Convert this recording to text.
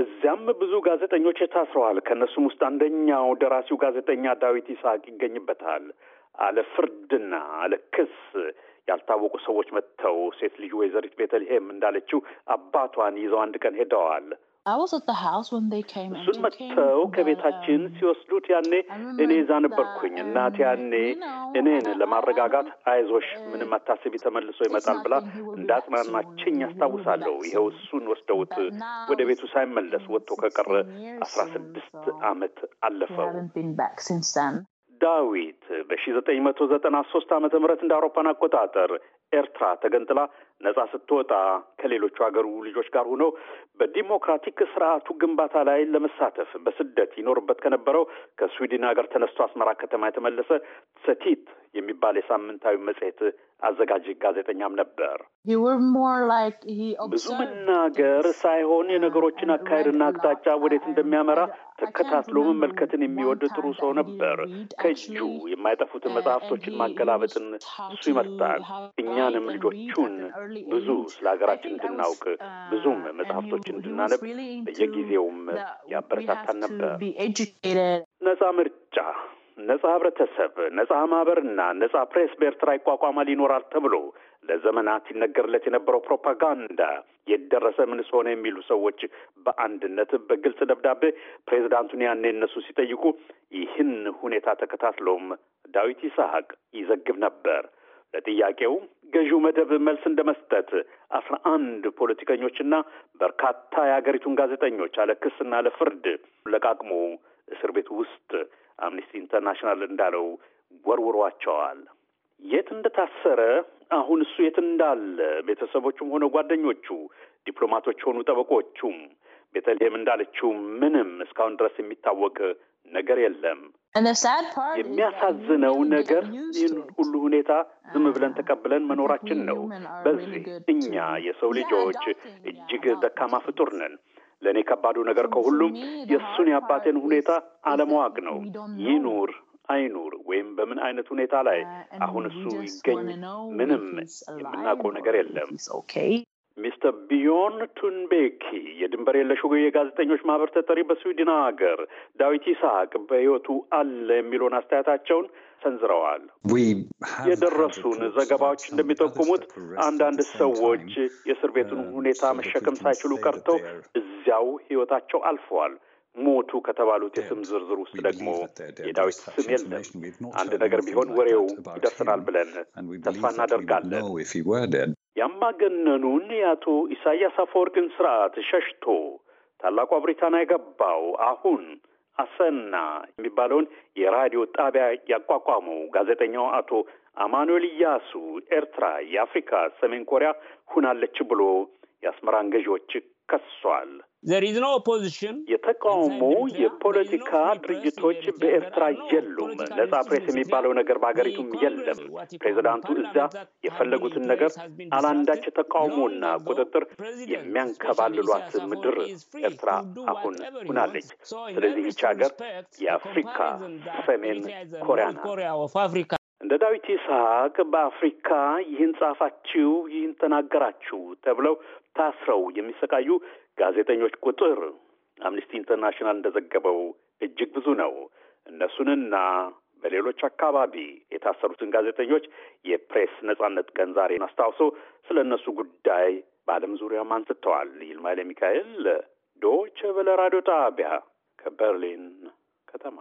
እዚያም ብዙ ጋዜጠኞች ታስረዋል። ከእነሱም ውስጥ አንደኛው ደራሲው ጋዜጠኛ ዳዊት ይስሐቅ ይገኝበታል። አለ ፍርድና አለ ክስ ያልታወቁ ሰዎች መጥተው ሴት ልዩ ወይዘሪት ቤተልሔም እንዳለችው አባቷን ይዘው አንድ ቀን ሄደዋል። እሱን መጥተው ከቤታችን ሲወስዱት ያኔ እኔ እዛ ነበርኩኝ። እናት ያኔ እኔን ለማረጋጋት አይዞሽ፣ ምንም uh, አታስቢ፣ ተመልሶ ይመጣል ብላ እንዳጽናናችኝ ያስታውሳለሁ። ይኸው እሱን ወስደውት ወደ ቤቱ ሳይመለስ ወጥቶ ከቀረ አስራ ስድስት አመት አለፈው ዳዊት በ1993 ዓ ም እንደ አውሮፓን አቆጣጠር ኤርትራ ተገንጥላ ነጻ ስትወጣ ከሌሎቹ ሀገሩ ልጆች ጋር ሆኖ በዲሞክራቲክ ስርዓቱ ግንባታ ላይ ለመሳተፍ በስደት ይኖርበት ከነበረው ከስዊድን ሀገር ተነስቶ አስመራ ከተማ የተመለሰ ሰቲት የሚባል የሳምንታዊ መጽሔት አዘጋጅ ጋዜጠኛም ነበር። ብዙ መናገር ሳይሆን የነገሮችን አካሄድና አቅጣጫ ወዴት እንደሚያመራ ተከታትሎ መመልከትን የሚወድ ጥሩ ሰው ነበር። ከእጁ የማይጠፉትን መጽሐፍቶችን ማገላበጥን እሱ ይመርጣል። እኛንም ልጆቹን ብዙ ስለ ሀገራችን እንድናውቅ ብዙም መጽሐፍቶችን እንድናነብ በየጊዜውም ያበረታታን ነበር። ነፃ ምርጫ ነጻ ህብረተሰብ፣ ነጻ ማህበርና ነጻ ፕሬስ በኤርትራ ይቋቋማል ይኖራል ተብሎ ለዘመናት ይነገርለት የነበረው ፕሮፓጋንዳ የደረሰ ምንስ ሆነ የሚሉ ሰዎች በአንድነት በግልጽ ደብዳቤ ፕሬዚዳንቱን ያኔ እነሱ ሲጠይቁ ይህን ሁኔታ ተከታትሎም ዳዊት ይስሐቅ ይዘግብ ነበር። ለጥያቄው ገዢው መደብ መልስ እንደ መስጠት አስራ አንድ ፖለቲከኞችና በርካታ የሀገሪቱን ጋዜጠኞች አለክስና ለፍርድ ለቃቅሞ ኢንተርናሽናል እንዳለው ወርውሯቸዋል። የት እንደታሰረ አሁን እሱ የት እንዳለ ቤተሰቦቹም ሆነ ጓደኞቹ፣ ዲፕሎማቶች ሆኑ ጠበቆቹም፣ ቤተልሔም እንዳለችው ምንም እስካሁን ድረስ የሚታወቅ ነገር የለም። የሚያሳዝነው ነገር ይህን ሁሉ ሁኔታ ዝም ብለን ተቀብለን መኖራችን ነው። በዚህ እኛ የሰው ልጆች እጅግ ደካማ ፍጡር ነን። ለእኔ ከባዱ ነገር ከሁሉም የእሱን የአባቴን ሁኔታ አለማወቅ ነው። ይኑር አይኑር ወይም በምን አይነት ሁኔታ ላይ uh, አሁን እሱ ይገኝ ምንም የምናውቀው ነገር የለም። ሚስተር ቢዮን ቱንቤኪ የድንበር የለሽ የጋዜጠኞች ማህበር ተጠሪ በስዊድን ሀገር፣ ዳዊት ይስሐቅ በሕይወቱ አለ የሚለውን አስተያየታቸውን ሰንዝረዋል። የደረሱን ዘገባዎች እንደሚጠቁሙት አንዳንድ ሰዎች የእስር ቤቱን uh, ሁኔታ መሸከም ሳይችሉ ቀርተው በግድያው ህይወታቸው አልፈዋል። ሞቱ ከተባሉት የስም ዝርዝር ውስጥ ደግሞ የዳዊት ስም የለም። አንድ ነገር ቢሆን ወሬው ይደርሰናል ብለን ተስፋ እናደርጋለን። ያማገነኑን የአቶ ኢሳያስ አፈወርቅን ስርዓት ሸሽቶ ታላቋ ብሪታንያ የገባው አሁን አሰና የሚባለውን የራዲዮ ጣቢያ ያቋቋመው ጋዜጠኛው አቶ አማኑኤል እያሱ ኤርትራ የአፍሪካ ሰሜን ኮሪያ ሁናለች ብሎ የአስመራን ገዢዎች ከሷል። የተቃውሞ የፖለቲካ ድርጅቶች በኤርትራ የሉም። ነጻ ፕሬስ የሚባለው ነገር በሀገሪቱም የለም። ፕሬዚዳንቱ እዛ የፈለጉትን ነገር አላንዳች ተቃውሞና ቁጥጥር የሚያንከባልሏት ምድር ኤርትራ አሁን ሁናለች። ስለዚህ ይች ሀገር የአፍሪካ ሰሜን ኮሪያ ናት። እንደ ዳዊት ይስሐቅ በአፍሪካ ይህን ጻፋችሁ፣ ይህን ተናገራችሁ ተብለው ታስረው የሚሰቃዩ ጋዜጠኞች ቁጥር አምኒስቲ ኢንተርናሽናል እንደዘገበው እጅግ ብዙ ነው። እነሱንና በሌሎች አካባቢ የታሰሩትን ጋዜጠኞች የፕሬስ ነጻነት ቀን አስታውሶ ስለ እነሱ ጉዳይ በአለም ዙሪያም አንስተዋል። ይልማይለ ሚካኤል ዶቼ በለ ራዲዮ ጣቢያ ከበርሊን ከተማ